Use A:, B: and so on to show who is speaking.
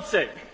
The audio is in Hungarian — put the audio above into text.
A: Francia.